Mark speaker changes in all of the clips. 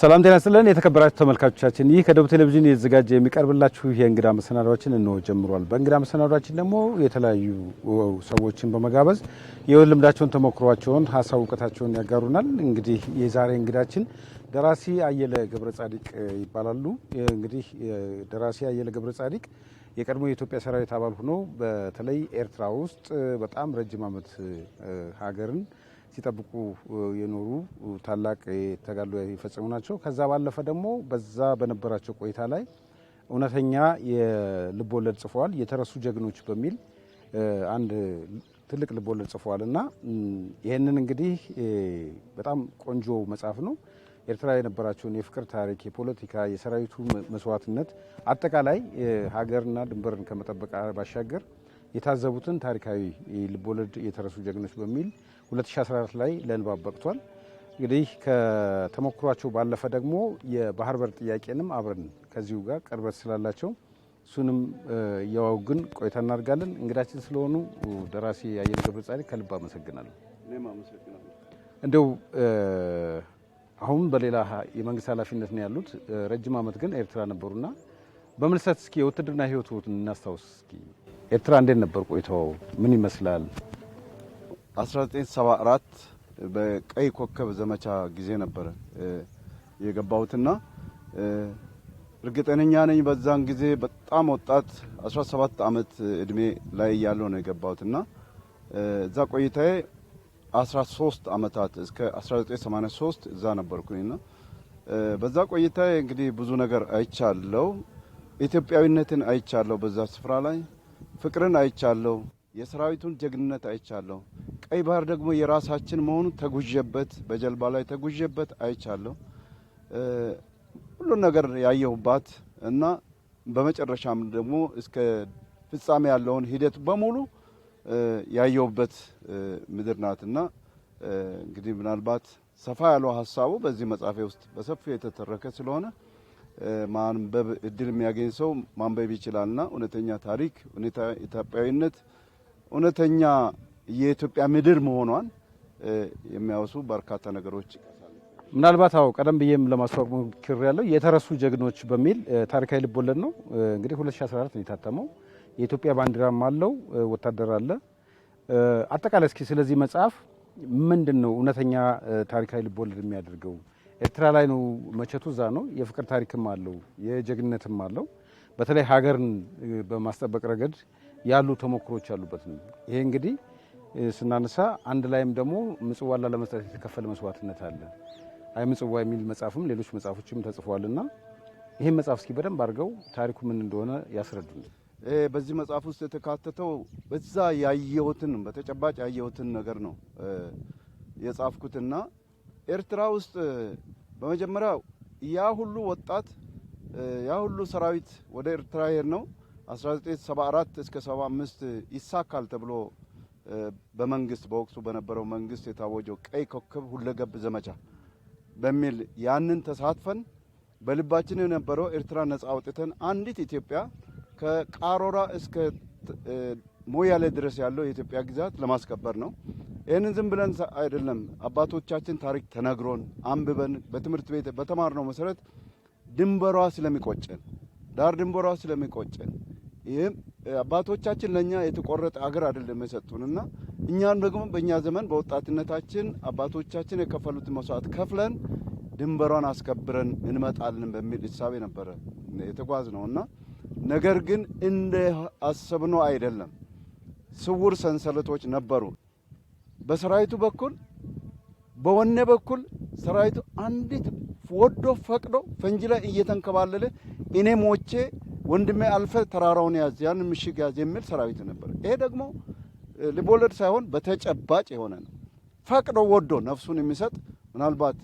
Speaker 1: ሰላም ጤና ስለን የተከበራችሁ ተመልካቾቻችን፣ ይህ ከደቡብ ቴሌቪዥን የተዘጋጀ የሚቀርብላችሁ የእንግዳ መሰናዷችን እንሆ ጀምሯል። በእንግዳ መሰናዷችን ደግሞ የተለያዩ ሰዎችን በመጋበዝ የህይወት ልምዳቸውን፣ ተሞክሯቸውን፣ ሀሳብ እውቀታቸውን ያጋሩናል። እንግዲህ የዛሬ እንግዳችን ደራሲ አየለ ገብረ ጻዲቅ ይባላሉ። እንግዲህ ደራሲ አየለ ገብረ ጻዲቅ የቀድሞ የኢትዮጵያ ሰራዊት አባል ሆኖ በተለይ ኤርትራ ውስጥ በጣም ረጅም ዓመት ሀገርን ሲጠብቁ የኖሩ ታላቅ ተጋድሎ የፈጸሙ ናቸው። ከዛ ባለፈ ደግሞ በዛ በነበራቸው ቆይታ ላይ እውነተኛ የልቦለድ ጽፈዋል። የተረሱ ጀግኖች በሚል አንድ ትልቅ ልቦለድ ጽፈዋል እና ይህንን እንግዲህ በጣም ቆንጆ መጽሐፍ ነው። ኤርትራ የነበራቸውን የፍቅር ታሪክ፣ የፖለቲካ፣ የሰራዊቱ መስዋዕትነት፣ አጠቃላይ ሀገርና ድንበርን ከመጠበቅ ባሻገር የታዘቡትን ታሪካዊ ልቦለድ የተረሱ ጀግኖች በሚል 2014 ላይ ለንባብ በቅቷል። እንግዲህ ከተሞክሯቸው ባለፈ ደግሞ የባህር በር ጥያቄንም አብረን ከዚሁ ጋር ቅርበት ስላላቸው እሱንም እያዋጉን ቆይታ እናደርጋለን። እንግዳችን ስለሆኑ ደራሲ አየለ ገብረጻድቅ ከልብ አመሰግናለሁ። እንደው አሁን በሌላ የመንግስት ኃላፊነት ነው ያሉት፣ ረጅም ዓመት ግን ኤርትራ ነበሩና በምልሰት እስኪ የውትድርና ህይወት እናስታውስ እስኪ ኤርትራ እንዴት ነበር ቆይታው? ምን ይመስላል?
Speaker 2: 1974 በቀይ ኮከብ ዘመቻ ጊዜ ነበረ የገባሁትና እርግጠኛ ነኝ በዛን ጊዜ በጣም ወጣት 17 ዓመት እድሜ ላይ ያለው ነው የገባሁትና እዛ ቆይታዬ 13 ዓመታት እስከ 1983 እዛ ነበርኩኝና በዛ ቆይታዬ እንግዲህ ብዙ ነገር አይቻለው። ኢትዮጵያዊነትን አይቻለው በዛ ስፍራ ላይ ፍቅርን አይቻለው የሰራዊቱን ጀግንነት አይቻለሁ። ቀይ ባህር ደግሞ የራሳችን መሆኑ ተጉዤበት፣ በጀልባ ላይ ተጉዤበት አይቻለሁ። ሁሉን ነገር ያየሁባት እና በመጨረሻም ደግሞ እስከ ፍጻሜ ያለውን ሂደት በሙሉ ያየሁበት ምድር ናት እና እንግዲህ ምናልባት ሰፋ ያለው ሀሳቡ በዚህ መጽሐፌ ውስጥ በሰፊው የተተረከ ስለሆነ ማንበብ እድል የሚያገኝ ሰው ማንበብ ይችላልና እውነተኛ ታሪክ፣ ሁኔታ ኢትዮጵያዊነት እውነተኛ የኢትዮጵያ ምድር መሆኗን የሚያወሱ በርካታ ነገሮች
Speaker 1: ምናልባት አዎ ቀደም ብዬም ለማስታወቅ ሞክር ያለው የተረሱ ጀግኖች በሚል ታሪካዊ ልቦለድ ነው። እንግዲህ 2014 ነው የታተመው። የኢትዮጵያ ባንዲራም አለው፣ ወታደር አለ። አጠቃላይ እስኪ ስለዚህ መጽሐፍ ምንድን ነው እውነተኛ ታሪካዊ ልቦለድ የሚያደርገው? ኤርትራ ላይ ነው መቼቱ፣ እዛ ነው። የፍቅር ታሪክም አለው፣ የጀግንነትም አለው። በተለይ ሀገርን በማስጠበቅ ረገድ ያሉ ተሞክሮች ያሉበት ነው። ይሄ እንግዲህ ስናነሳ አንድ ላይም ደግሞ ምጽዋላ ለመስጠት የተከፈለ መስዋዕትነት አለ። አይ ምጽዋ የሚል መጽሐፍም ሌሎች መጽሐፎችም ተጽፏልና ይህን መጽሐፍ እስኪ በደንብ አድርገው ታሪኩ ምን እንደሆነ ያስረዱን።
Speaker 2: በዚህ መጽሐፍ ውስጥ የተካተተው በዛ ያየሁትን በተጨባጭ ያየሁትን ነገር ነው የጻፍኩትና ኤርትራ ውስጥ በመጀመሪያ ያ ሁሉ ወጣት ያ ሁሉ ሰራዊት ወደ ኤርትራ ሄድ ነው 1974 እስከ 75 ይሳካል ተብሎ በመንግስት በወቅቱ በነበረው መንግስት የታወጀው ቀይ ኮከብ ሁለገብ ዘመቻ በሚል ያንን ተሳትፈን በልባችን የነበረው ኤርትራ ነጻ አውጥተን አንዲት ኢትዮጵያ ከቃሮራ እስከ ሞያሌ ድረስ ያለው የኢትዮጵያ ግዛት ለማስከበር ነው። ይህንን ዝም ብለን አይደለም። አባቶቻችን ታሪክ ተነግሮን አንብበን በትምህርት ቤት በተማርነው መሰረት ድንበሯ ስለሚቆጨን ዳር ድንበሯ ስለሚቆጨን ይህም አባቶቻችን ለእኛ የተቆረጠ አገር አይደለም የሰጡን እና እኛም ደግሞ በእኛ ዘመን በወጣትነታችን አባቶቻችን የከፈሉትን መስዋዕት ከፍለን ድንበሯን አስከብረን እንመጣልን በሚል እሳቤ ነበረ የተጓዝ ነው እና ነገር ግን እንደ አሰብነው አይደለም። ስውር ሰንሰለቶች ነበሩ በሰራዊቱ በኩል በወኔ በኩል ሰራዊቱ አንዲት ወዶ ፈቅዶ ፈንጂ ላይ እየተንከባለለ እኔ ሞቼ ወንድሜ አልፈ ተራራውን ያዝ፣ ያን ምሽግ ያዝ የሚል ሰራዊት ነበር። ይሄ ደግሞ ልቦለድ ሳይሆን በተጨባጭ የሆነ ነው። ፈቅዶ ወዶ ነፍሱን የሚሰጥ ምናልባት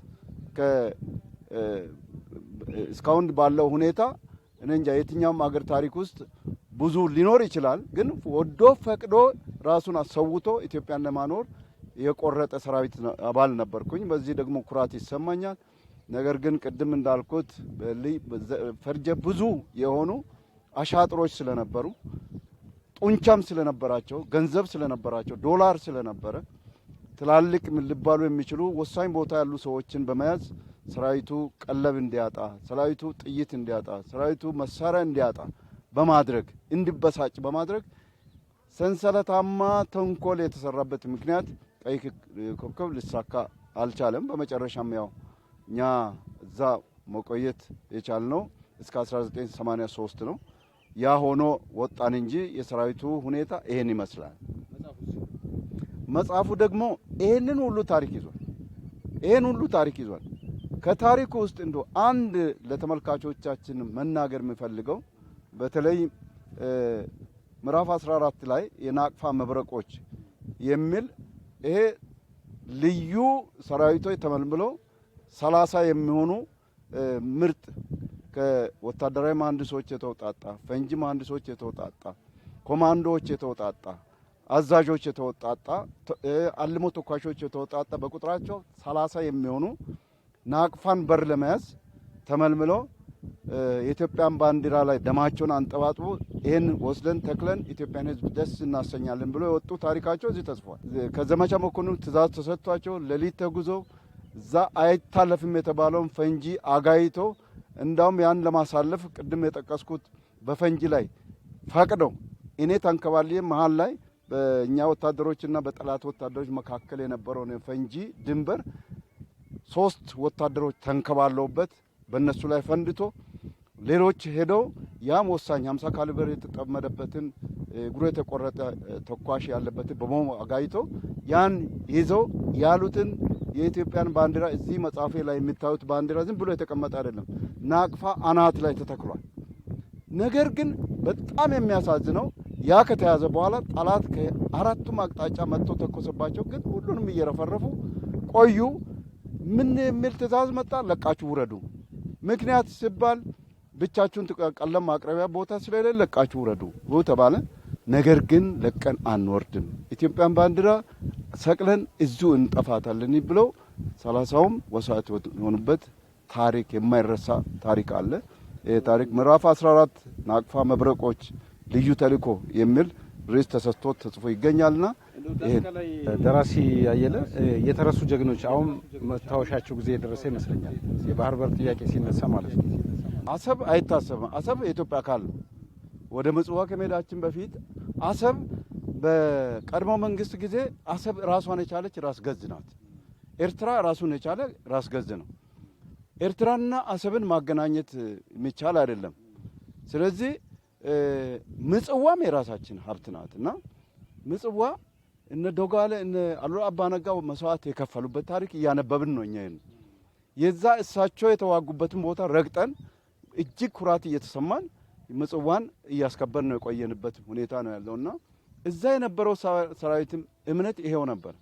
Speaker 2: እስካሁን ባለው ሁኔታ እኔ እንጃ የትኛውም አገር ታሪክ ውስጥ ብዙ ሊኖር ይችላል። ግን ወዶ ፈቅዶ ራሱን አሰውቶ ኢትዮጵያን ለማኖር የቆረጠ ሰራዊት አባል ነበርኩኝ። በዚህ ደግሞ ኩራት ይሰማኛል። ነገር ግን ቅድም እንዳልኩት ፈርጀ ብዙ የሆኑ አሻጥሮች ስለነበሩ ጡንቻም ስለነበራቸው ገንዘብ ስለነበራቸው ዶላር ስለነበረ ትላልቅ ሊባሉ የሚችሉ ወሳኝ ቦታ ያሉ ሰዎችን በመያዝ ሰራዊቱ ቀለብ እንዲያጣ፣ ሰራዊቱ ጥይት እንዲያጣ፣ ሰራዊቱ መሳሪያ እንዲያጣ በማድረግ እንዲበሳጭ በማድረግ ሰንሰለታማ ተንኮል የተሰራበት ምክንያት ቀይ ኮከብ ሊሳካ አልቻለም። በመጨረሻም ያው እኛ እዛ መቆየት የቻልነው እስከ 1983 ነው። ያ ሆኖ ወጣን እንጂ የሰራዊቱ ሁኔታ ይሄን ይመስላል። መጽሐፉ ደግሞ ይሄንን ሁሉ ታሪክ ይዟል። ይሄን ሁሉ ታሪክ ይዟል። ከታሪኩ ውስጥ እንዶ አንድ ለተመልካቾቻችን መናገር የምፈልገው በተለይ ምዕራፍ 14 ላይ የናቅፋ መብረቆች የሚል ይሄ ልዩ ሰራዊቶች ተመልምሎ ሰላሳ የሚሆኑ ምርጥ ከወታደራዊ መሐንዲሶች የተውጣጣ ፈንጂ መሐንዲሶች የተውጣጣ ኮማንዶዎች የተውጣጣ አዛዦች የተውጣጣ አልሞ ተኳሾች የተውጣጣ በቁጥራቸው ሰላሳ የሚሆኑ ናቅፋን በር ለመያዝ ተመልምሎ የኢትዮጵያን ባንዲራ ላይ ደማቸውን አንጠባጥቦ ይህን ወስደን ተክለን ኢትዮጵያን ሕዝብ ደስ እናሰኛለን ብሎ የወጡ ታሪካቸው እዚህ ተጽፏል። ከዘመቻ መኮንኑ ትእዛዝ ተሰጥቷቸው ሌሊት ተጉዞ እዛ አይታለፍም የተባለውን ፈንጂ አጋይቶ እንዳውም ያን ለማሳለፍ ቅድም የጠቀስኩት በፈንጂ ላይ ፈቅደው እኔ ተንከባልዬ መሀል ላይ በእኛ ወታደሮችና በጠላት ወታደሮች መካከል የነበረውን የፈንጂ ድንበር ሶስት ወታደሮች ተንከባለውበት በእነሱ ላይ ፈንድቶ ሌሎች ሄደው ያም ወሳኝ 50 ካሊበር የተጠመደበትን እግሩ የተቆረጠ ተኳሽ ያለበትን በመሞ አጋይቶ ያን ይዘው ያሉትን የኢትዮጵያን ባንዲራ እዚህ መጽሐፌ ላይ የምታዩት ባንዲራ ዝም ብሎ የተቀመጠ አይደለም። ናቅፋ አናት ላይ ተተክሏል። ነገር ግን በጣም የሚያሳዝነው ያ ከተያዘ በኋላ ጠላት ከአራቱም አቅጣጫ መጥቶ ተኮሰባቸው። ግን ሁሉንም እየረፈረፉ ቆዩ። ምን የሚል ትእዛዝ መጣ? ለቃችሁ ውረዱ። ምክንያት ሲባል ብቻችሁን ቀለም ማቅረቢያ ቦታ ስለሌለ ለቃችሁ ውረዱ ተባለ። ነገር ግን ለቀን አንወርድም። ኢትዮጵያን ባንዲራ ሰቅለን እዙ እንጠፋታለን ብለው ሰላሳውም ወሳት የሆኑበት ታሪክ የማይረሳ ታሪክ አለ። ይህ ታሪክ ምዕራፍ 14 ናቅፋ መብረቆች ልዩ ተልእኮ የሚል ርዕስ ተሰጥቶት ተጽፎ ይገኛልና
Speaker 1: ደራሲ አየለ የተረሱ ጀግኖች አሁን መታወሻቸው ጊዜ የደረሰ ይመስለኛል። የባህር በር ጥያቄ ሲነሳ ማለት ነው።
Speaker 2: አሰብ አይታሰብም። አሰብ የኢትዮጵያ አካል ነው። ወደ ምጽዋ ከመሄዳችን በፊት አሰብ በቀድሞ መንግስት ጊዜ አሰብ ራሷን የቻለች ራስ ገዝ ናት። ኤርትራ ራሱን የቻለ ራስ ገዝ ነው። ኤርትራና አሰብን ማገናኘት የሚቻል አይደለም። ስለዚህ ምጽዋም የራሳችን ሀብት ናት እና ምጽዋ እነ ዶጋለ እነ አሉላ አባነጋው መስዋዕት የከፈሉበት ታሪክ እያነበብን ነው። እኛ የዛ እሳቸው የተዋጉበትን ቦታ ረግጠን እጅግ ኩራት እየተሰማን ምጽዋን እያስከበር ነው የቆየንበት ሁኔታ ነው ያለውና እዛ የነበረው ሰራዊትም እምነት ይሄው ነበር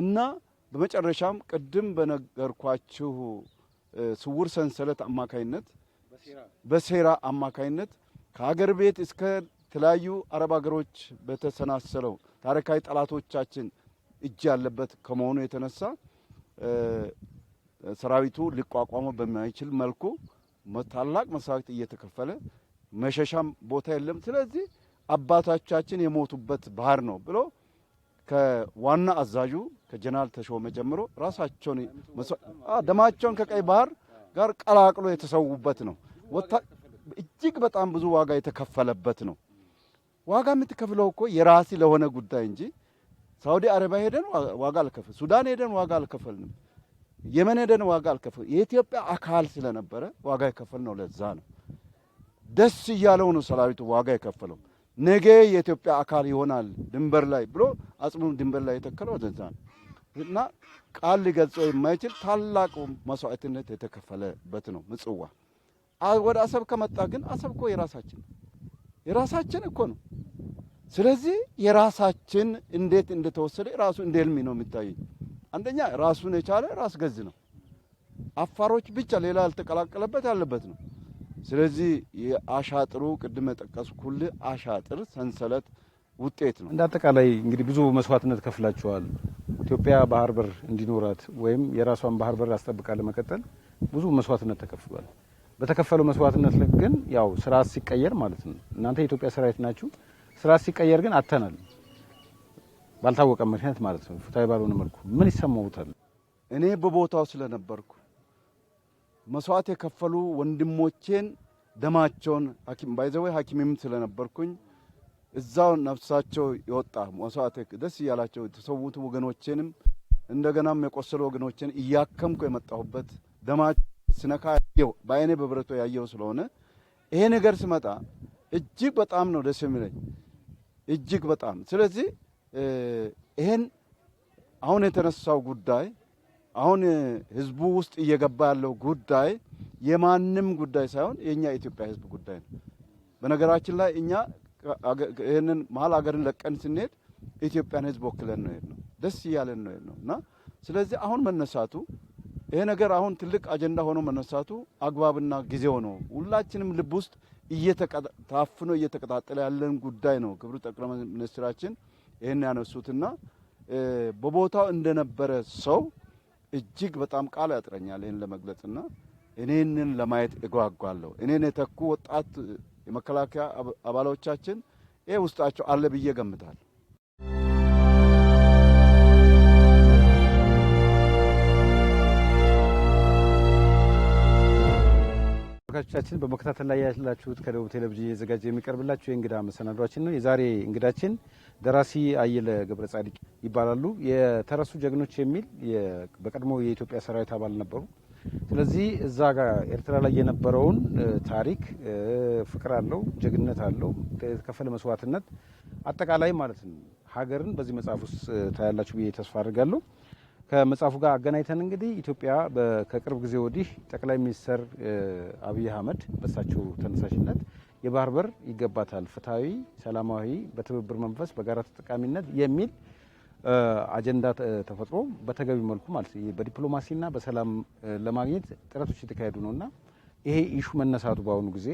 Speaker 2: እና በመጨረሻም ቅድም በነገርኳችሁ ስውር ሰንሰለት አማካይነት በሴራ አማካይነት ከሀገር ቤት እስከ ተለያዩ አረብ ሀገሮች በተሰናሰለው ታሪካዊ ጠላቶቻችን እጅ ያለበት ከመሆኑ የተነሳ ሰራዊቱ ሊቋቋመው በማይችል መልኩ ታላቅ መስዋዕት እየተከፈለ መሸሻም ቦታ የለም። ስለዚህ አባቶቻችን የሞቱበት ባህር ነው ብሎ ከዋና አዛዡ ከጀነራል ተሾመ ጀምሮ ራሳቸውን ደማቸውን ከቀይ ባህር ጋር ቀላቅሎ የተሰዉበት ነው። እጅግ በጣም ብዙ ዋጋ የተከፈለበት ነው። ዋጋ የምትከፍለው እኮ የራሲ ለሆነ ጉዳይ እንጂ ሳውዲ አረቢያ ሄደን ዋጋ አልከፍል፣ ሱዳን ሄደን ዋጋ አልከፈልንም፣ የመን ሄደን ዋጋ አልከፍል። የኢትዮጵያ አካል ስለነበረ ዋጋ የከፈል ነው። ለዛ ነው ደስ እያለው ነው ሰራዊቱ ዋጋ የከፈለው። ነገ የኢትዮጵያ አካል ይሆናል ድንበር ላይ ብሎ አጽሙ ድንበር ላይ የተከለው ዘዛ እና ቃል ሊገልጸው የማይችል ታላቁ መስዋዕትነት የተከፈለበት ነው ምጽዋ። ወደ አሰብ ከመጣ ግን አሰብ እኮ የራሳችን የራሳችን እኮ ነው። ስለዚህ የራሳችን እንዴት እንደተወሰደ ራሱ እንደ ነው የሚታይ። አንደኛ ራሱን የቻለ ራስ ገዝ ነው። አፋሮች ብቻ ሌላ ያልተቀላቀለበት ያለበት ነው። ስለዚህ የአሻጥሩ ቅድመ ጠቀስኩል አሻጥር ሰንሰለት ውጤት ነው።
Speaker 1: እንደ አጠቃላይ እንግዲህ ብዙ መስዋዕትነት ከፍላችኋል። ኢትዮጵያ ባህር በር እንዲኖራት ወይም የራሷን ባህር በር አስጠብቃ ለመቀጠል ብዙ መስዋዕትነት ተከፍሏል። በተከፈለው መስዋዕትነት ልክ ግን ያው ስራ ሲቀየር ማለት ነው እናንተ የኢትዮጵያ ሰራዊት ናችሁ። ስራ ሲቀየር ግን አተናል ባልታወቀ ምክንያት ማለት ነው ፍትሐዊ ባልሆነ መልኩ ምን ይሰማውታል?
Speaker 2: እኔ በቦታው ስለነበርኩ መስዋዕት የከፈሉ ወንድሞቼን ደማቸውን ሐኪም ባይዘወይ ሐኪምም ስለነበርኩኝ እዛው ነፍሳቸው የወጣ መስዋዕት ደስ እያላቸው የተሰዉት ወገኖቼንም እንደገናም የቆሰሉ ወገኖቼን እያከምኩ የመጣሁበት ደማቸው ስነካ ያየው በአይኔ በብረቶ ያየው ስለሆነ ይሄ ነገር ስመጣ እጅግ በጣም ነው ደስ የሚለኝ እጅግ በጣም ስለዚህ ይሄን አሁን የተነሳው ጉዳይ አሁን ህዝቡ ውስጥ እየገባ ያለው ጉዳይ የማንም ጉዳይ ሳይሆን የእኛ የኢትዮጵያ ህዝብ ጉዳይ ነው። በነገራችን ላይ እኛ ይህንን መሀል ሀገርን ለቀን ስንሄድ ኢትዮጵያን ህዝብ ወክለን ነው ነው ደስ እያለን ነው ነው እና ስለዚህ አሁን መነሳቱ ይሄ ነገር አሁን ትልቅ አጀንዳ ሆኖ መነሳቱ አግባብና ጊዜ ሆኖ ሁላችንም ልብ ውስጥ ታፍኖ እየተቀጣጠለ ያለን ጉዳይ ነው። ክቡር ጠቅላይ ሚኒስትራችን ይህን ያነሱትና በቦታው እንደነበረ ሰው እጅግ በጣም ቃል ያጥረኛል ይህን ለመግለጽና እኔንን ለማየት እጓጓለሁ። እኔን የተኩ ወጣት የመከላከያ አባሎቻችን ይህ ውስጣቸው አለ ብዬ ገምታል።
Speaker 1: ተመልካቾቻችን በመከታተል ላይ ያላችሁት ከደቡብ ቴሌቪዥን የተዘጋጀ የሚቀርብላችሁ የእንግዳ መሰናዷችን ነው። የዛሬ እንግዳችን ደራሲ አየለ ገብረ ጻድቅ ይባላሉ። የተረሱ ጀግኖች የሚል በቀድሞ የኢትዮጵያ ሰራዊት አባል ነበሩ። ስለዚህ እዛ ጋር ኤርትራ ላይ የነበረውን ታሪክ ፍቅር አለው፣ ጀግንነት አለው፣ የተከፈለ መስዋዕትነት አጠቃላይ ማለት ነው ሀገርን በዚህ መጽሐፍ ውስጥ ታያላችሁ ብዬ ተስፋ አድርጋለሁ። ከመጽሐፉ ጋር አገናኝተን እንግዲህ ኢትዮጵያ ከቅርብ ጊዜ ወዲህ ጠቅላይ ሚኒስትር አብይ አህመድ በሳቸው ተነሳሽነት የባህር በር ይገባታል፣ ፍትሐዊ፣ ሰላማዊ፣ በትብብር መንፈስ በጋራ ተጠቃሚነት የሚል አጀንዳ ተፈጥሮ በተገቢ መልኩ ማለት በዲፕሎማሲና በሰላም ለማግኘት ጥረቶች የተካሄዱ ነውና ይሄ ኢሹ መነሳቱ በአሁኑ ጊዜ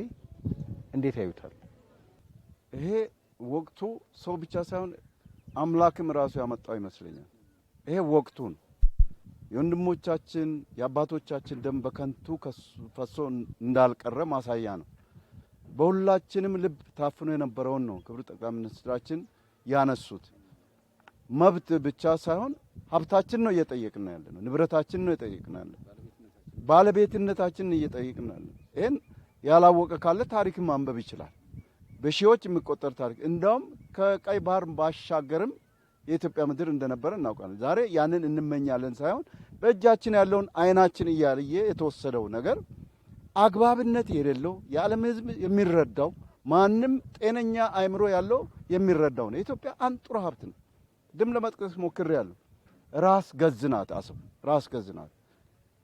Speaker 1: እንዴት ያዩታል?
Speaker 2: ይሄ ወቅቱ ሰው ብቻ ሳይሆን አምላክም ራሱ ያመጣው ይመስለኛል። ይሄ ወቅቱን የወንድሞቻችን የአባቶቻችን ደም በከንቱ ፈሶ እንዳልቀረ ማሳያ ነው። በሁላችንም ልብ ታፍኖ የነበረውን ነው ክብር ጠቅላይ ሚኒስትራችን ያነሱት። መብት ብቻ ሳይሆን ሀብታችን ነው እየጠየቅን ያለ ነው፣ ንብረታችን ነው እየጠየቅን ያለ ባለቤትነታችን እየጠየቅን ያለ። ይህን ያላወቀ ካለ ታሪክ ማንበብ ይችላል። በሺዎች የሚቆጠር ታሪክ እንዲያውም ከቀይ ባህር ባሻገርም የኢትዮጵያ ምድር እንደነበረ እናውቃለን። ዛሬ ያንን እንመኛለን ሳይሆን በእጃችን ያለውን አይናችን እያልየ የተወሰደው ነገር አግባብነት የሌለው የዓለም ሕዝብ የሚረዳው ማንም ጤነኛ አእምሮ ያለው የሚረዳው ነው። የኢትዮጵያ አንጡራ ሀብት ነው። ድም ለመጥቀስ ሞክሬ ያለሁ ራስ ገዝ ናት። አሰብ ራስ ገዝ ናት።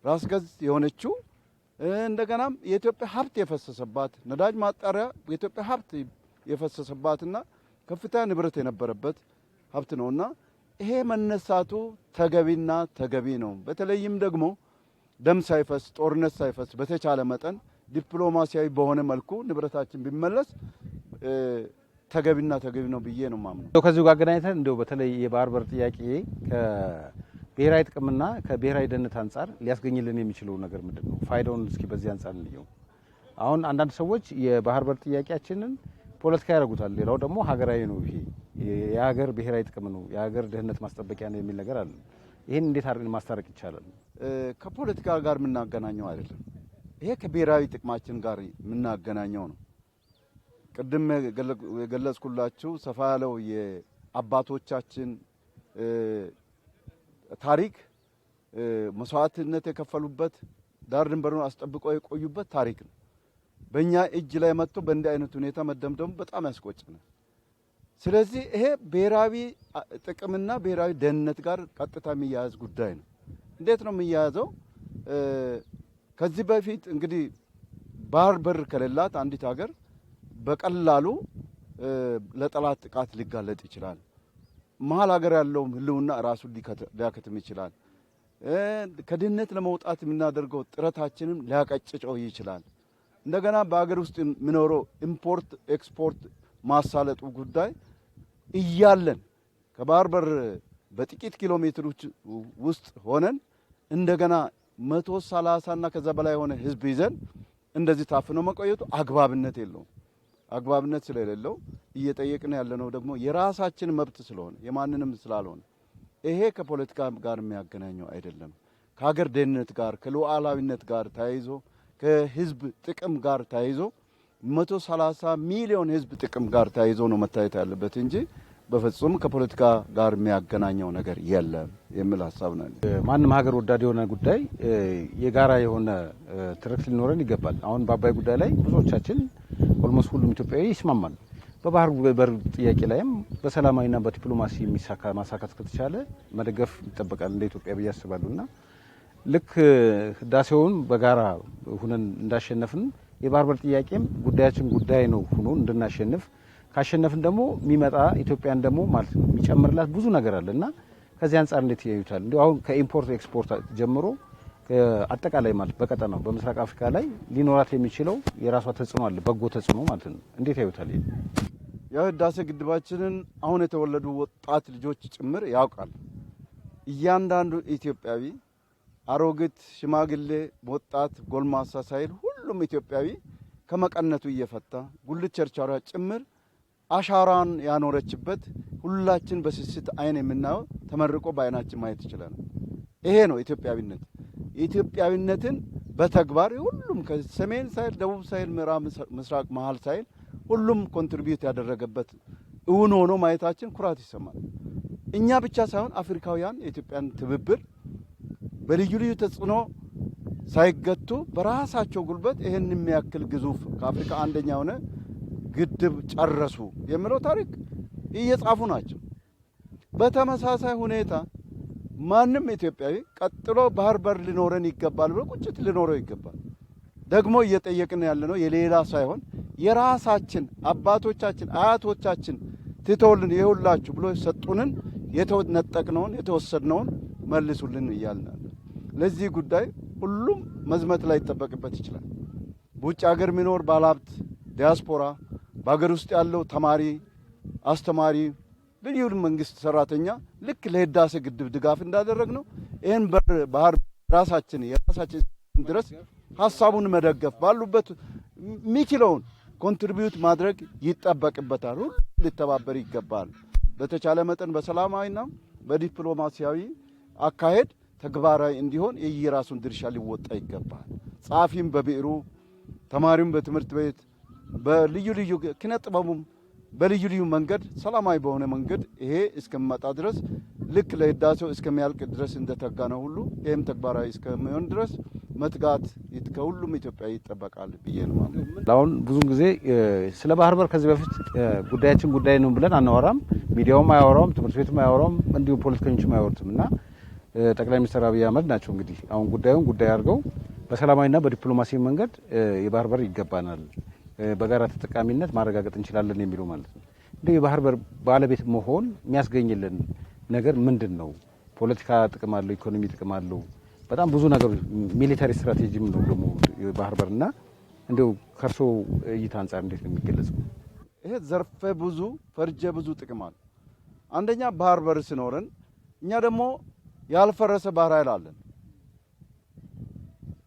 Speaker 2: ራስ ገዝ የሆነችው እንደገናም የኢትዮጵያ ሀብት የፈሰሰባት ነዳጅ ማጣሪያ የኢትዮጵያ ሀብት የፈሰሰባትና ከፍተኛ ንብረት የነበረበት ሀብት ነውና ይሄ መነሳቱ ተገቢና ተገቢ ነው። በተለይም ደግሞ ደም ሳይፈስ ጦርነት ሳይፈስ በተቻለ መጠን ዲፕሎማሲያዊ በሆነ መልኩ ንብረታችን ቢመለስ ተገቢና ተገቢ ነው ብዬ ነው ማምነው።
Speaker 1: ከዚሁ ጋር አገናኝተን እንዲ በተለይ የባህር በር ጥያቄ ከብሔራዊ ጥቅምና ከብሔራዊ ደህንነት አንጻር ሊያስገኝልን የሚችለው ነገር ምንድን ነው? ፋይዳውን እስኪ በዚህ አንጻር እንየው። አሁን አንዳንድ ሰዎች የባህር በር ጥያቄያችንን ፖለቲካ ያደርጉታል፣ ሌላው ደግሞ ሀገራዊ ነው ይሄ የሀገር ብሔራዊ ጥቅም ነው፣ የሀገር ደህንነት ማስጠበቂያ ነው የሚል ነገር አለ። ይህን እንዴት አድርገን ማስታረቅ ይቻላል?
Speaker 2: ከፖለቲካ ጋር የምናገናኘው አይደለም። ይሄ ከብሔራዊ ጥቅማችን ጋር የምናገናኘው ነው። ቅድም የገለጽኩላችሁ ሰፋ ያለው የአባቶቻችን ታሪክ መስዋዕትነት የከፈሉበት ዳር ድንበሩን አስጠብቀው የቆዩበት ታሪክ ነው። በእኛ እጅ ላይ መጥቶ በእንዲህ አይነት ሁኔታ መደምደሙ በጣም ያስቆጭናል። ስለዚህ ይሄ ብሔራዊ ጥቅምና ብሔራዊ ደህንነት ጋር ቀጥታ የሚያያዝ ጉዳይ ነው። እንዴት ነው የሚያያዘው? ከዚህ በፊት እንግዲህ ባህር በር ከሌላት አንዲት ሀገር በቀላሉ ለጠላት ጥቃት ሊጋለጥ ይችላል። መሀል ሀገር ያለውም ህልውና ራሱን ሊያከትም ይችላል። ከድህነት ለመውጣት የምናደርገው ጥረታችንም ሊያቀጭጨው ይችላል። እንደገና በሀገር ውስጥ የሚኖረው ኢምፖርት ኤክስፖርት ማሳለጡ ጉዳይ እያለን ከባህር በር በጥቂት ኪሎ ሜትሮች ውስጥ ሆነን እንደገና መቶ ሰላሳ እና ከዛ በላይ የሆነ ህዝብ ይዘን እንደዚህ ታፍኖ መቆየቱ አግባብነት የለው አግባብነት ስለሌለው እየጠየቅን ያለነው ደግሞ የራሳችን መብት ስለሆነ የማንንም ስላልሆነ ይሄ ከፖለቲካ ጋር የሚያገናኘው አይደለም። ከሀገር ደህንነት ጋር ከሉዓላዊነት ጋር ተያይዞ ከህዝብ ጥቅም ጋር ተያይዞ 130 ሚሊዮን ህዝብ ጥቅም ጋር ተያይዞ ነው መታየት ያለበት እንጂ በፍጹም ከፖለቲካ ጋር የሚያገናኘው ነገር የለም የሚል ሀሳብ ነው።
Speaker 1: ማንም ሀገር ወዳድ የሆነ ጉዳይ የጋራ የሆነ ትርክት ሊኖረን ይገባል። አሁን በአባይ ጉዳይ ላይ ብዙዎቻችን ኦልሞስት ሁሉም ኢትዮጵያዊ ይስማማል። በባህር በር ጥያቄ ላይም በሰላማዊና በዲፕሎማሲ የሚሳካ ማሳካት ከተቻለ መደገፍ ይጠበቃል እንደ ኢትዮጵያ ብዬ አስባለሁ እና ልክ ህዳሴውን በጋራ ሁነን እንዳሸነፍን የባህር በር ጥያቄም ጉዳያችን ጉዳይ ነው ሆኖ እንድናሸንፍ ካሸነፍን ደግሞ የሚመጣ ኢትዮጵያን ደግሞ ማለት ነው የሚጨምርላት ብዙ ነገር አለ እና ከዚህ አንጻር እንዴት ያዩታል? እንዲ አሁን ከኢምፖርት ኤክስፖርት ጀምሮ አጠቃላይ ማለት በቀጠናው በምስራቅ አፍሪካ ላይ ሊኖራት የሚችለው የራሷ ተጽዕኖ አለ፣ በጎ ተጽዕኖ ማለት ነው። እንዴት ያዩታል?
Speaker 2: የህዳሴ ግድባችንን አሁን የተወለዱ ወጣት ልጆች ጭምር ያውቃል። እያንዳንዱ ኢትዮጵያዊ አሮግት ሽማግሌ፣ ወጣት፣ ጎልማሳ ሳይል ሁሉም ኢትዮጵያዊ ከመቀነቱ እየፈታ ጉልት ቸርቻሯ ጭምር አሻራን ያኖረችበት ሁላችን በስስት አይን የምናየው ተመርቆ በአይናችን ማየት ይችላል። ይሄ ነው ኢትዮጵያዊነት። ኢትዮጵያዊነትን በተግባር ሁሉም ከሰሜን ሳይል፣ ደቡብ ሳይል፣ ምዕራብ፣ ምስራቅ፣ መሀል ሳይል ሁሉም ኮንትሪቢዩት ያደረገበት እውን ሆኖ ማየታችን ኩራት ይሰማል። እኛ ብቻ ሳይሆን አፍሪካውያን የኢትዮጵያን ትብብር በልዩ ልዩ ተጽዕኖ ሳይገቱ በራሳቸው ጉልበት ይህን የሚያክል ግዙፍ ከአፍሪካ አንደኛ የሆነ ግድብ ጨረሱ የሚለው ታሪክ እየጻፉ ናቸው። በተመሳሳይ ሁኔታ ማንም ኢትዮጵያዊ ቀጥሎ ባህር በር ሊኖረን ይገባል ብሎ ቁጭት ሊኖረው ይገባል። ደግሞ እየጠየቅን ነው የሌላ ሳይሆን የራሳችን አባቶቻችን አያቶቻችን ትተውልን ይሁላችሁ ብሎ ሰጡንን የተነጠቅነውን የተወሰድነውን መልሱልን እያልናል። ለዚህ ጉዳይ ሁሉም መዝመት ላይ ይጠበቅበት ይችላል። በውጭ ሀገር የሚኖር ባለሀብት ዲያስፖራ፣ በሀገር ውስጥ ያለው ተማሪ፣ አስተማሪ፣ ልዩ መንግስት ሰራተኛ ልክ ለህዳሴ ግድብ ድጋፍ እንዳደረግ ነው ይህን ባህር ራሳችን የራሳችን ድረስ ሀሳቡን መደገፍ ባሉበት የሚችለውን ኮንትሪቢዩት ማድረግ ይጠበቅበታል። ሁሉ ሊተባበር ይገባል። በተቻለ መጠን በሰላማዊና በዲፕሎማሲያዊ አካሄድ ተግባራዊ እንዲሆን የየራሱን ድርሻ ሊወጣ ይገባል። ጸሐፊም በብዕሩ ተማሪውም በትምህርት ቤት በልዩ ልዩ ኪነ ጥበቡም በልዩ ልዩ መንገድ ሰላማዊ በሆነ መንገድ ይሄ እስከሚመጣ ድረስ ልክ ለህዳሴው እስከሚያልቅ ድረስ እንደተጋነው ሁሉ ይህም ተግባራዊ እስከሚሆን ድረስ መትጋት ከሁሉም ኢትዮጵያ ይጠበቃል ብዬ ነው።
Speaker 1: አሁን ብዙ ጊዜ ስለ ባህር በር ከዚህ በፊት ጉዳያችን ጉዳይ ነው ብለን አናወራም። ሚዲያውም አያወራውም፣ ትምህርት ቤትም አያወራውም፣ እንዲሁም ፖለቲከኞችም አያወሩትም እና ጠቅላይ ሚኒስትር አብይ አህመድ ናቸው። እንግዲህ አሁን ጉዳዩን ጉዳይ አድርገው በሰላማዊና በዲፕሎማሲ መንገድ የባህር በር ይገባናል፣ በጋራ ተጠቃሚነት ማረጋገጥ እንችላለን የሚለው ማለት ነው። እንደ የባህር በር ባለቤት መሆን የሚያስገኝልን ነገር ምንድን ነው? ፖለቲካ ጥቅም አለው፣ ኢኮኖሚ ጥቅም አለው፣ በጣም ብዙ ነገር ሚሊታሪ ስትራቴጂም ነው ደግሞ የባህር በር እና እንዲሁ ከእርሶ እይታ አንጻር እንዴት ነው የሚገለጸው?
Speaker 2: ይሄ ዘርፈ ብዙ ፈርጀ ብዙ ጥቅም አለ። አንደኛ ባህር በር ሲኖረን እኛ ደግሞ ያልፈረሰ ባህር ኃይል አለን።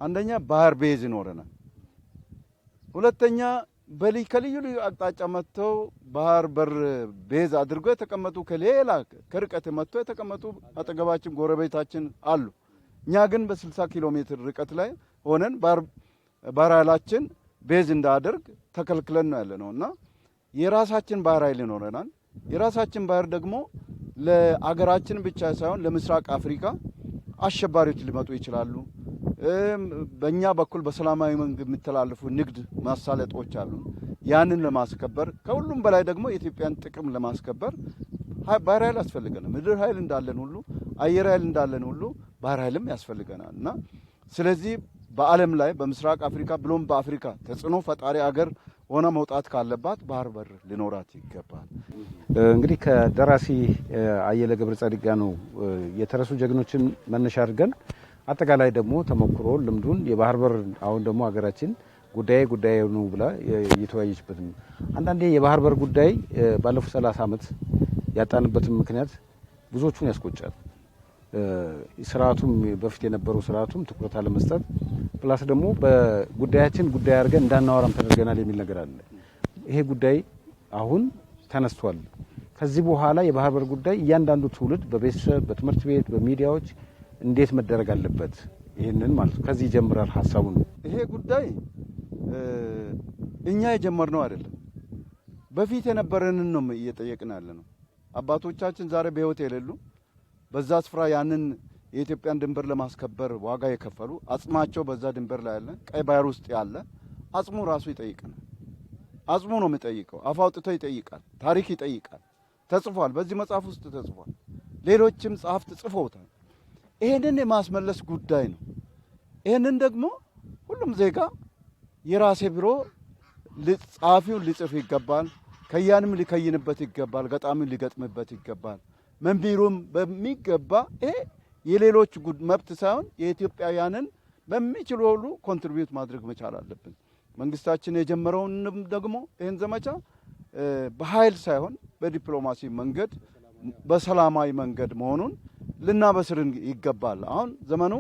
Speaker 2: አንደኛ ባህር ቤዝ ይኖረናል። ሁለተኛ በልይ ከልዩ ልዩ አቅጣጫ መጥተው ባህር በር ቤዝ አድርገው የተቀመጡ ከሌላ ከርቀት መጥቶ የተቀመጡ አጠገባችን ጎረቤታችን አሉ። እኛ ግን በ60 ኪሎ ሜትር ርቀት ላይ ሆነን ባህር ኃይላችን ቤዝ እንዳደርግ ተከልክለን ነው ያለ ነው እና የራሳችን ባህር ኃይል ይኖረናል። የራሳችን ባህር ደግሞ ለአገራችን ብቻ ሳይሆን ለምስራቅ አፍሪካ አሸባሪዎች ሊመጡ ይችላሉ። በእኛ በኩል በሰላማዊ መንገድ የሚተላለፉ ንግድ ማሳለጦች አሉ። ያንን ለማስከበር ከሁሉም በላይ ደግሞ የኢትዮጵያን ጥቅም ለማስከበር ባህር ኃይል ያስፈልገናል። ምድር ኃይል እንዳለን ሁሉ አየር ኃይል እንዳለን ሁሉ ባህር ኃይልም ያስፈልገናል እና ስለዚህ በዓለም ላይ በምስራቅ አፍሪካ ብሎም በአፍሪካ ተጽዕኖ ፈጣሪ አገር ሆነ መውጣት ካለባት ባህር በር ሊኖራት ይገባል።
Speaker 1: እንግዲህ ከደራሲ አየለ ገብረ ጻድቅ ጋር ነው የተረሱ ጀግኖችን መነሻ አድርገን አጠቃላይ ደግሞ ተሞክሮ ልምዱን የባህር በር አሁን ደግሞ ሀገራችን ጉዳይ ጉዳይ ነው ብላ እየተወያየችበት ነው። አንዳንዴ የባህር በር ጉዳይ ባለፉት ሰላሳ ዓመት ያጣንበትን ምክንያት ብዙዎቹን ያስቆጫል። ስርዓቱም በፊት የነበረው ስርዓቱም ትኩረት አለመስጠት ፕላስ ደግሞ በጉዳያችን ጉዳይ አድርገን እንዳናወራም ተደርገናል የሚል ነገር አለ። ይሄ ጉዳይ አሁን ተነስቷል። ከዚህ በኋላ የባህር በር ጉዳይ እያንዳንዱ ትውልድ በቤተሰብ በትምህርት ቤት በሚዲያዎች እንዴት መደረግ አለበት ይህንን ማለት ነው። ከዚህ ይጀምራል ሀሳቡ ነው።
Speaker 2: ይሄ ጉዳይ እኛ የጀመርነው አይደለም። በፊት የነበረንን ነው እየጠየቅን ያለ ነው። አባቶቻችን ዛሬ በህይወት የሌሉ በዛ ስፍራ ያንን የኢትዮጵያን ድንበር ለማስከበር ዋጋ የከፈሉ አጽማቸው በዛ ድንበር ላይ ያለ ቀይ ባህር ውስጥ ያለ አጽሙ ራሱ ይጠይቀናል። አጽሙ ነው የሚጠይቀው። አፍ አውጥቶ ይጠይቃል። ታሪክ ይጠይቃል። ተጽፏል። በዚህ መጽሐፍ ውስጥ ተጽፏል። ሌሎችም ጸሐፍት ጽፈውታል። ይህንን የማስመለስ ጉዳይ ነው። ይህንን ደግሞ ሁሉም ዜጋ የራሴ ቢሮ ጸሐፊውን ሊጽፍ ይገባል። ከያንም ሊከይንበት ይገባል። ገጣሚውን ሊገጥምበት ይገባል። መንቢሩም በሚገባ ይሄ የሌሎች መብት ሳይሆን የኢትዮጵያውያንን በሚችሉ ሁሉ ኮንትሪቢዩት ማድረግ መቻል አለብን። መንግስታችን የጀመረውን ደግሞ ይህን ዘመቻ በኃይል ሳይሆን በዲፕሎማሲ መንገድ በሰላማዊ መንገድ መሆኑን ልናበስርን ይገባል። አሁን ዘመኑ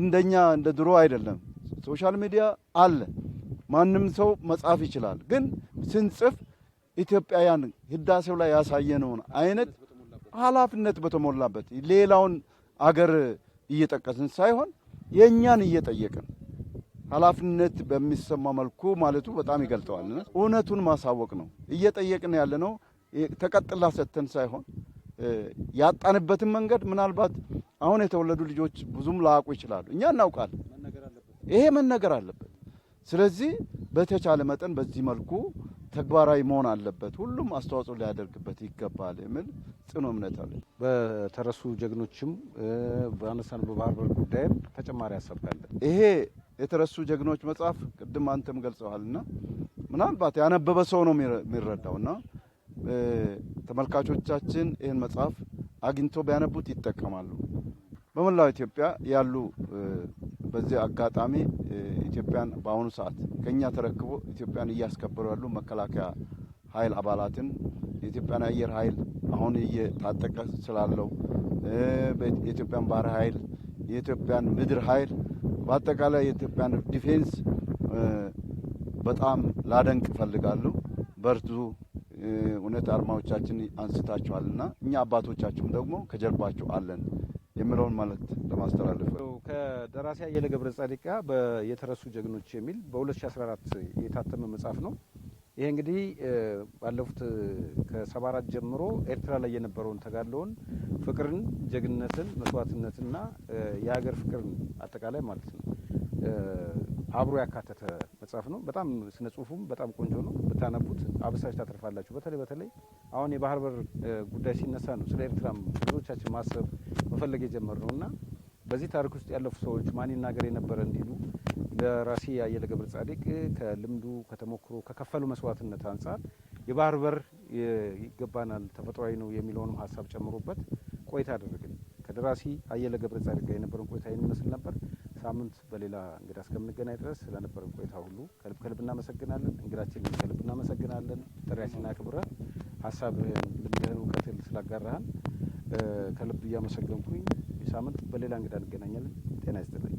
Speaker 2: እንደኛ እንደ ድሮ አይደለም። ሶሻል ሚዲያ አለ፣ ማንም ሰው መጻፍ ይችላል። ግን ስንጽፍ ኢትዮጵያውያን ህዳሴው ላይ ያሳየነውን አይነት ኃላፊነት በተሞላበት ሌላውን አገር እየጠቀስን ሳይሆን የእኛን እየጠየቅን ኃላፊነት በሚሰማ መልኩ ማለቱ በጣም ይገልጠዋል። እውነቱን ማሳወቅ ነው እየጠየቅን ያለ ነው። ተቀጥላ ሰጥተን ሳይሆን ያጣንበትን መንገድ ምናልባት አሁን የተወለዱ ልጆች ብዙም ላያውቁ ይችላሉ። እኛ እናውቃለን። ይሄ መነገር አለበት። ስለዚህ በተቻለ መጠን በዚህ መልኩ ተግባራዊ መሆን አለበት። ሁሉም አስተዋጽኦ ሊያደርግበት ይገባል የሚል ጽኑ እምነት አለ።
Speaker 1: በተረሱ ጀግኖችም በአነሳን በባህር በር ጉዳይም ተጨማሪ ሀሳብ ይሄ የተረሱ ጀግኖች መጽሐፍ ቅድም አንተም ገልጸዋልና ምናልባት ያነበበ ሰው ነው የሚረዳውና ተመልካቾቻችን ይህን መጽሐፍ አግኝቶ ቢያነቡት ይጠቀማሉ። በመላው ኢትዮጵያ ያሉ በዚህ አጋጣሚ ኢትዮጵያን በአሁኑ ሰዓት ከኛ ተረክቦ ኢትዮጵያን እያስከበሩ ያሉ መከላከያ ኃይል አባላትን የኢትዮጵያን አየር ኃይል አሁን እየታጠቀ ስላለው የኢትዮጵያን ባህር ኃይል፣ የኢትዮጵያን ምድር ኃይል በአጠቃላይ የኢትዮጵያን ዲፌንስ በጣም ላደንቅ እፈልጋለሁ። በርቱ። እውነት አርማዎቻችን አንስታችኋልና እኛ አባቶቻችሁም ደግሞ ከጀርባችሁ አለን። የሚለውን ማለት ለማስተላለፍ ከደራሲ አየለ ገብረ ጻዲቅ ጋር የተረሱ ጀግኖች የሚል በ2014 የታተመ መጽሐፍ ነው። ይሄ እንግዲህ ባለፉት ከሰባ አራት ጀምሮ ኤርትራ ላይ የነበረውን ተጋድሎውን፣ ፍቅርን፣ ጀግንነትን፣ መስዋዕትነትና የሀገር ፍቅርን አጠቃላይ ማለት ነው አብሮ ያካተተ መጽሐፍ ነው። በጣም ስነ ጽሁፉም በጣም ቆንጆ ነው። ብታነቡት አብሳች ታተርፋላችሁ። በተለይ በተለይ አሁን የባህር በር ጉዳይ ሲነሳ ነው ስለ ኤርትራም ብዙዎቻችን ማሰብ መፈለግ ነው እና በዚህ ታሪክ ውስጥ ያለፉ ሰዎች ማን ይናገር የነበረ እንዲሉ ደራሲ አየለ ገብረ ጻዲቅ ከልምዱ ከተሞክሮ ከከፈሉ መስዋዕትነት አንጻር የባህር በር ይገባናል ተፈጥሯዊ ነው የሚለውንም ሀሳብ ጨምሮበት ቆይታ አደረግን። ከደራሲ አየለ ገብረ ጻዲቅ ጋር የነበረን ቆይታ የሚመስል ነበር። ሳምንት በሌላ እንግዳ እስከምንገናኝ ድረስ ስለነበረን ቆይታ ሁሉ ከልብ ከልብ እናመሰግናለን። እንግዳችንን ከልብ እናመሰግናለን። ጥሪያችንን አክብረህ ሀሳብህን፣ ልምድህን፣ እውቀትን ስላጋራህን ከልብ እያመሰገንኩኝ ሳምንት በሌላ እንግዳ እንገናኛለን። ጤና ይስጥልኝ።